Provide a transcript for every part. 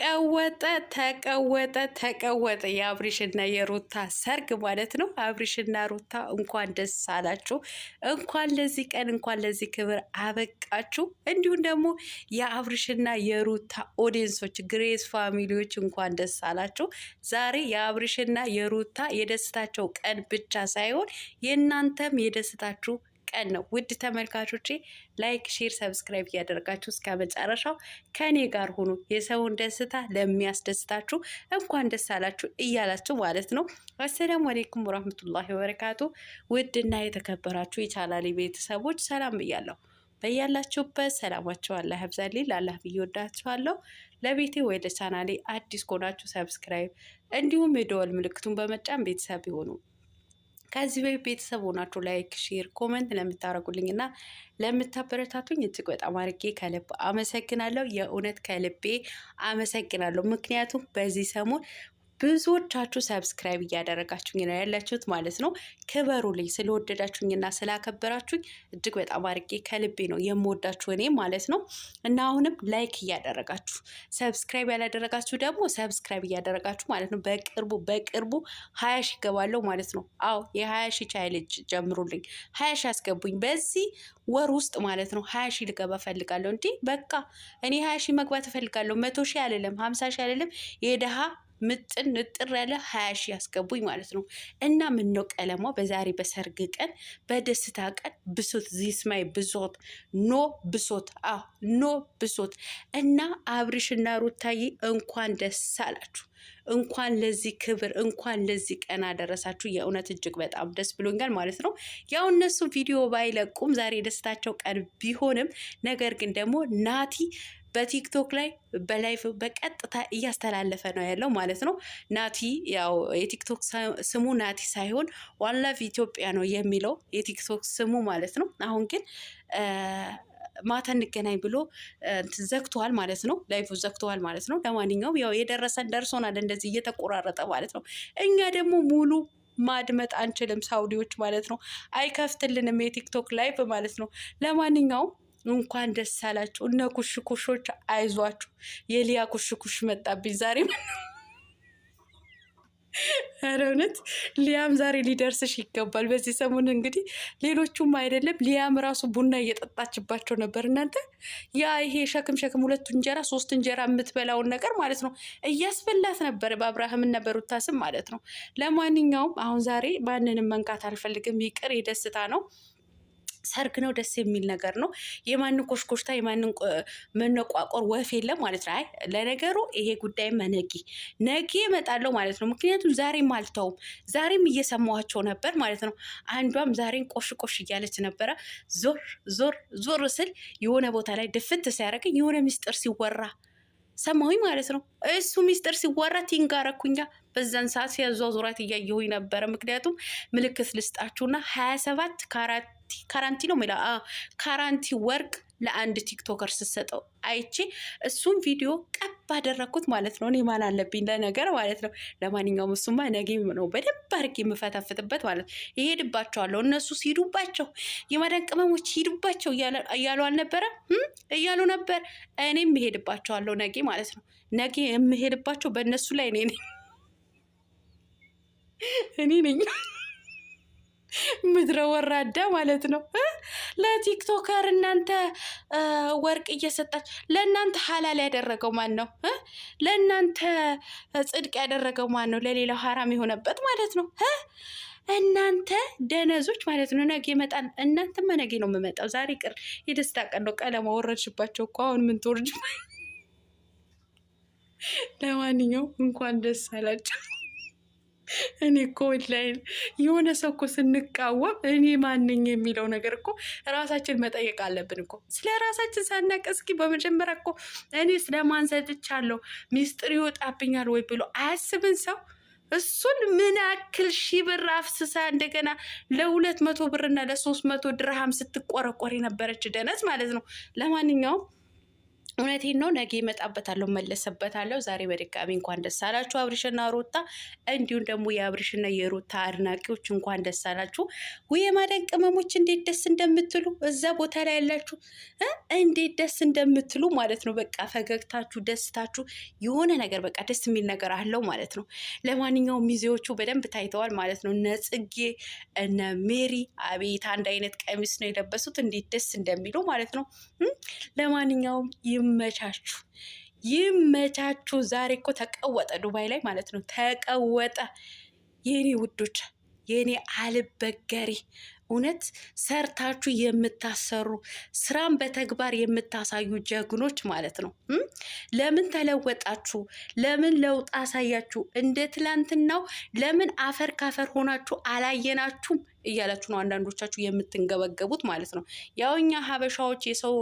ተቀወጠ ተቀወጠ ተቀወጠ። የአብሪሽና የሩታ ሰርግ ማለት ነው። አብሪሽና ሩታ እንኳን ደስ አላችሁ፣ እንኳን ለዚህ ቀን እንኳን ለዚህ ክብር አበቃችሁ። እንዲሁም ደግሞ የአብሪሽና የሩታ ኦዲየንሶች፣ ግሬስ ፋሚሊዎች እንኳን ደስ አላችሁ። ዛሬ የአብሪሽና የሩታ የደስታቸው ቀን ብቻ ሳይሆን የእናንተም የደስታችሁ ቀን ነው። ውድ ተመልካቾቼ ላይክ፣ ሼር፣ ሰብስክራይብ እያደረጋችሁ እስከ መጨረሻው ከእኔ ጋር ሆኑ። የሰውን ደስታ ለሚያስደስታችሁ እንኳን ደስ አላችሁ እያላችሁ ማለት ነው። አሰላሙ አሌይኩም ወራህመቱላሂ ወበረካቱ። ውድና የተከበራችሁ የቻናሌ ቤተሰቦች ሰላም ብያለሁ። በያላችሁበት ሰላማችሁ አላህ ያብዛልኝ። ላላህ ብዬ ወዳችኋለሁ። ለቤቴ ወይ ለቻናሌ አዲስ ከሆናችሁ ሰብስክራይብ እንዲሁም የደወል ምልክቱን በመጫን ቤተሰብ ይሆኑ ከዚህ በፊት ቤተሰብ ሆናችሁ ላይክ፣ ሼር፣ ኮመንት ለምታደርጉልኝ እና ለምታበረታቱኝ እጅግ በጣም አድርጌ ከልብ አመሰግናለሁ። የእውነት ከልቤ አመሰግናለሁ። ምክንያቱም በዚህ ሰሞን ብዙዎቻችሁ ሰብስክራይብ እያደረጋችሁኝ ነው ያላችሁት ማለት ነው። ክበሩልኝ። ስለወደዳችሁኝና ስላከበራችሁኝ እጅግ በጣም አድርጌ ከልቤ ነው የምወዳችሁ እኔ ማለት ነው። እና አሁንም ላይክ እያደረጋችሁ ሰብስክራይብ ያላደረጋችሁ ደግሞ ሰብስክራይብ እያደረጋችሁ ማለት ነው። በቅርቡ በቅርቡ ሀያ ሺ እገባለሁ ማለት ነው። አዎ የሀያ ሺህ ቻይልጅ ጀምሩልኝ። ሀያ ሺህ አስገቡኝ በዚህ ወር ውስጥ ማለት ነው። ሀያ ሺ ልገባ እፈልጋለሁ። እንዲህ በቃ እኔ ሀያ ሺ መግባት እፈልጋለሁ። መቶ ሺ አልልም፣ ሀምሳ ሺ አልልም። የደሃ ምጥን ንጥር ያለ ሀያ ሺ ያስገቡኝ ማለት ነው። እና ምነው ቀለሟ በዛሬ በሰርግ ቀን በደስታ ቀን ብሶት ዚስማይ ብሶት ኖ ብሶት አ ኖ ብሶት እና አብርሽና ሩታዬ እንኳን ደስ አላችሁ። እንኳን ለዚህ ክብር እንኳን ለዚህ ቀን አደረሳችሁ። የእውነት እጅግ በጣም ደስ ብሎኛል ማለት ነው። ያው እነሱ ቪዲዮ ባይለቁም ዛሬ የደስታቸው ቀን ቢሆንም ነገር ግን ደግሞ ናቲ በቲክቶክ ላይ በላይቭ በቀጥታ እያስተላለፈ ነው ያለው ማለት ነው። ናቲ ያው የቲክቶክ ስሙ ናቲ ሳይሆን ዋንላቭ ኢትዮጵያ ነው የሚለው የቲክቶክ ስሙ ማለት ነው። አሁን ግን ማታ እንገናኝ ብሎ ዘግተዋል ማለት ነው። ላይፉ ዘግተዋል ማለት ነው። ለማንኛውም ያው የደረሰን ደርሶናል፣ እንደዚህ እየተቆራረጠ ማለት ነው። እኛ ደግሞ ሙሉ ማድመጥ አንችልም፣ ሳውዲዎች ማለት ነው። አይከፍትልንም የቲክቶክ ላይፍ ማለት ነው። ለማንኛውም እንኳን ደስ አላችሁ እነ ኩሽኩሾች፣ አይዟችሁ። የሊያ ኩሽኩሽ መጣብኝ ዛሬ። ኧረ እውነት ሊያም ዛሬ ሊደርስሽ ይገባል። በዚህ ሰሞን እንግዲህ ሌሎቹም አይደለም ሊያም ራሱ ቡና እየጠጣችባቸው ነበር። እናንተ ያ ይሄ ሸክም ሸክም ሁለቱ እንጀራ ሶስት እንጀራ የምትበላውን ነገር ማለት ነው እያስበላት ነበር፣ በአብርሃም በሩታ ስም ማለት ነው። ለማንኛውም አሁን ዛሬ ማንንም መንካት አልፈልግም። ይቅር፣ የደስታ ነው ሰርግ ነው፣ ደስ የሚል ነገር ነው። የማንን ኮሽኮሽታ የማንን መነቋቆር ወፍ የለም ማለት ነው። አይ ለነገሩ ይሄ ጉዳይ መነጊ ነጊ እመጣለሁ ማለት ነው። ምክንያቱም ዛሬም አልተውም፣ ዛሬም እየሰማኋቸው ነበር ማለት ነው። አንዷም ዛሬን ቆሽ ቆሽ እያለች ነበረ። ዞር ዞር ዞር ስል የሆነ ቦታ ላይ ድፍት ሲያደርገኝ የሆነ ሚስጥር ሲወራ ሰማሁኝ ማለት ነው። እሱ ሚስጥር ሲወራ ቲንጋረኩኛ በዛን ሰዓት ዙራት እያየሁኝ ነበረ። ምክንያቱም ምልክት ልስጣችሁና ሀያ ሰባት ካራንቲ ነው ሚላ ካራንቲ ወርቅ ለአንድ ቲክቶከር ስትሰጠው አይቼ እሱን ቪዲዮ ቀብ አደረግኩት ማለት ነው። እኔ ማን አለብኝ ለነገር ማለት ነው። ለማንኛውም እሱማ ነገ ነው በደንብ አድርጌ የምፈተፍትበት ማለት ነው። ይሄድባቸዋለሁ እነሱ ሲሄዱባቸው የማዳን ቅመሞች ይሄዱባቸው እያሉ አልነበረ እያሉ ነበር። እኔም እሄድባቸዋለሁ ነገ ማለት ነው። ነገ የምሄድባቸው በእነሱ ላይ እኔ እኔ ነኝ ምድረ ወራዳ ማለት ነው። ለቲክቶከር እናንተ ወርቅ እየሰጣች ለእናንተ ሀላል ያደረገው ማን ነው? ለእናንተ ጽድቅ ያደረገው ማን ነው? ለሌላው ሀራም የሆነበት ማለት ነው። እናንተ ደነዞች ማለት ነው። ነገ ይመጣል። እናንተማ ነገ ነው የምመጣው። ዛሬ ቅር የደስታ ቀን ነው። ቀለማ ወረድሽባቸው እኮ አሁን ምን ትወርጅ? ለማንኛውም እንኳን ደስ አላቸው። እኔ እኮ ላይ የሆነ ሰው እኮ ስንቃወም እኔ ማንኝ የሚለው ነገር እኮ ራሳችን መጠየቅ አለብን እኮ ስለ ራሳችን ሳናቅ። እስኪ በመጀመሪያ እኮ እኔ ስለማን ሰጥቻለሁ ሚስጥር ይወጣብኛል ወይ ብሎ አያስብን ሰው እሱን ምን ያክል ሺ ብር አፍስሳ እንደገና ለሁለት መቶ ብርና ለሶስት መቶ ድርሃም ስትቆረቆር የነበረች ደነዝ ማለት ነው። ለማንኛውም እውነቴን ነው። ነገ ይመጣበታለሁ፣ መለሰበታለሁ። ዛሬ በድጋሚ እንኳን ደስ አላችሁ አብርሽና ሩታ፣ እንዲሁም ደግሞ የአብርሽና የሩታ አድናቂዎች እንኳን ደስ አላችሁ። ውይ የማዳን ቅመሞች እንዴት ደስ እንደምትሉ እዛ ቦታ ላይ ያላችሁ እንዴት ደስ እንደምትሉ ማለት ነው። በቃ ፈገግታችሁ፣ ደስታችሁ የሆነ ነገር በቃ ደስ የሚል ነገር አለው ማለት ነው። ለማንኛውም ሚዜዎቹ በደንብ ታይተዋል ማለት ነው። ነጽጌ እነ ሜሪ አቤት አንድ አይነት ቀሚስ ነው የለበሱት እንዴት ደስ እንደሚሉ ማለት ነው። ለማንኛውም ይመቻችሁ ይመቻችሁ። ዛሬ እኮ ተቀወጠ፣ ዱባይ ላይ ማለት ነው ተቀወጠ። የኔ ውዶች፣ የኔ አልበገሪ እውነት ሰርታችሁ የምታሰሩ ስራን በተግባር የምታሳዩ ጀግኖች ማለት ነው። ለምን ተለወጣችሁ? ለምን ለውጥ አሳያችሁ? እንደ ትላንትናው ለምን አፈር ካፈር ሆናችሁ አላየናችሁም? እያላችሁ ነው አንዳንዶቻችሁ የምትንገበገቡት ማለት ነው። ያው እኛ ሀበሻዎች የሰው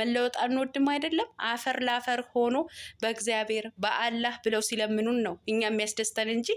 መለወጥ አንወድም አይደለም። አፈር ላፈር ሆኖ በእግዚአብሔር በአላህ ብለው ሲለምኑን ነው እኛ የሚያስደስተን እንጂ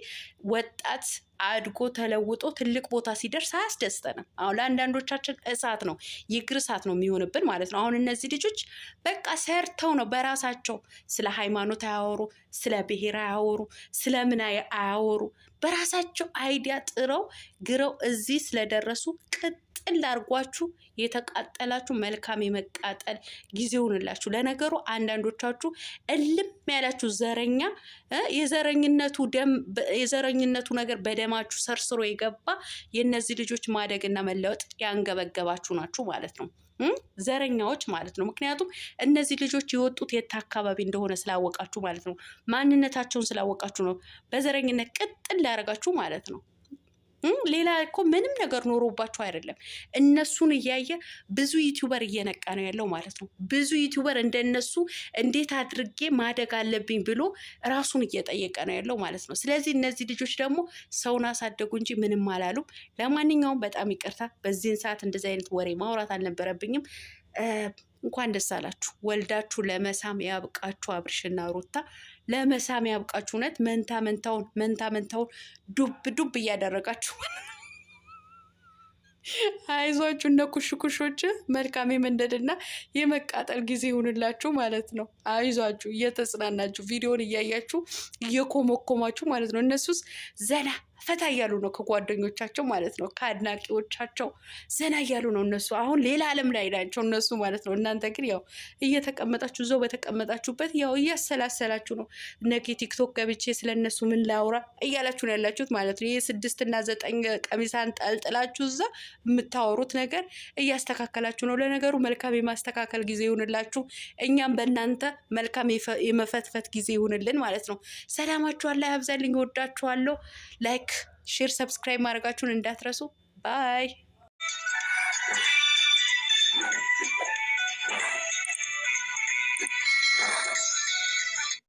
ወጣት አድጎ ተለውጦ ትልቅ ቦታ ሲደርስ አያስደስተንም። አሁን ለአንዳንዶቻችን እሳት ነው የእግር እሳት ነው የሚሆንብን ማለት ነው። አሁን እነዚህ ልጆች በቃ ሰርተው ነው በራሳቸው ስለ ሃይማኖት አያወሩ፣ ስለ ብሔር አያወሩ፣ ስለ ምን አያወሩ በራሳቸው አይዲያ ጥረው ግረው እዚህ ስለደረሱ ቅጥል አድርጓችሁ የተቃጠላችሁ መልካም የመቃጠል ጊዜ ሆንላችሁ። ለነገሩ አንዳንዶቻችሁ እልም ያላችሁ ዘረኛ የዘረኝነቱ ደም የዘረኝነቱ ነገር በደማችሁ ሰርስሮ የገባ የእነዚህ ልጆች ማደግና መለወጥ ያንገበገባችሁ ናችሁ ማለት ነው። ዘረኛዎች ማለት ነው። ምክንያቱም እነዚህ ልጆች የወጡት የት አካባቢ እንደሆነ ስላወቃችሁ ማለት ነው። ማንነታቸውን ስላወቃችሁ ነው። በዘረኝነት ቅጥል ሊያደርጋችሁ ማለት ነው። ሌላ እኮ ምንም ነገር ኖሮባቸው አይደለም። እነሱን እያየ ብዙ ዩቲዩበር እየነቃ ነው ያለው ማለት ነው። ብዙ ዩቲዩበር እንደነሱ እንዴት አድርጌ ማደግ አለብኝ ብሎ ራሱን እየጠየቀ ነው ያለው ማለት ነው። ስለዚህ እነዚህ ልጆች ደግሞ ሰውን አሳደጉ እንጂ ምንም አላሉም። ለማንኛውም በጣም ይቅርታ፣ በዚህን ሰዓት እንደዚህ አይነት ወሬ ማውራት አልነበረብኝም። እንኳን ደስ አላችሁ ወልዳችሁ ለመሳም ያብቃችሁ። አብርሽና ሩታ ለመሳም ያብቃችሁ። እውነት መንታ መንታውን መንታ መንታውን ዱብ ዱብ እያደረጋችሁ አይዟችሁ እነ ኩሽኩሾች መልካም የመንደድና የመቃጠል ጊዜ ይሁንላችሁ ማለት ነው። አይዟችሁ እየተጽናናችሁ ቪዲዮን እያያችሁ እየኮመኮማችሁ ማለት ነው። እነሱስ ዘና ፈታ እያሉ ነው ከጓደኞቻቸው ማለት ነው ከአድናቂዎቻቸው ዘና እያሉ ነው እነሱ። አሁን ሌላ ዓለም ላይ ናቸው እነሱ ማለት ነው። እናንተ ግን ያው እየተቀመጣችሁ እዛው በተቀመጣችሁበት ያው እያሰላሰላችሁ ነው። ነገ ቲክቶክ ገብቼ ስለነሱ ምን ላውራ እያላችሁ ነው ያላችሁት ማለት ነው። ይህ እና ዘጠኝ ቀሚሳን ጠልጥላችሁ እዛ የምታወሩት ነገር እያስተካከላችሁ ነው። ለነገሩ መልካም የማስተካከል ጊዜ ይሁንላችሁ። እኛም በእናንተ መልካም የመፈትፈት ጊዜ ይሁንልን ማለት ነው። ሰላማችኋን ላይ አብዛልኝ። ወዳችኋለሁ። ላይክ ሼር፣ ሰብስክራይብ ማድረጋችሁን እንዳትረሱ። ባይ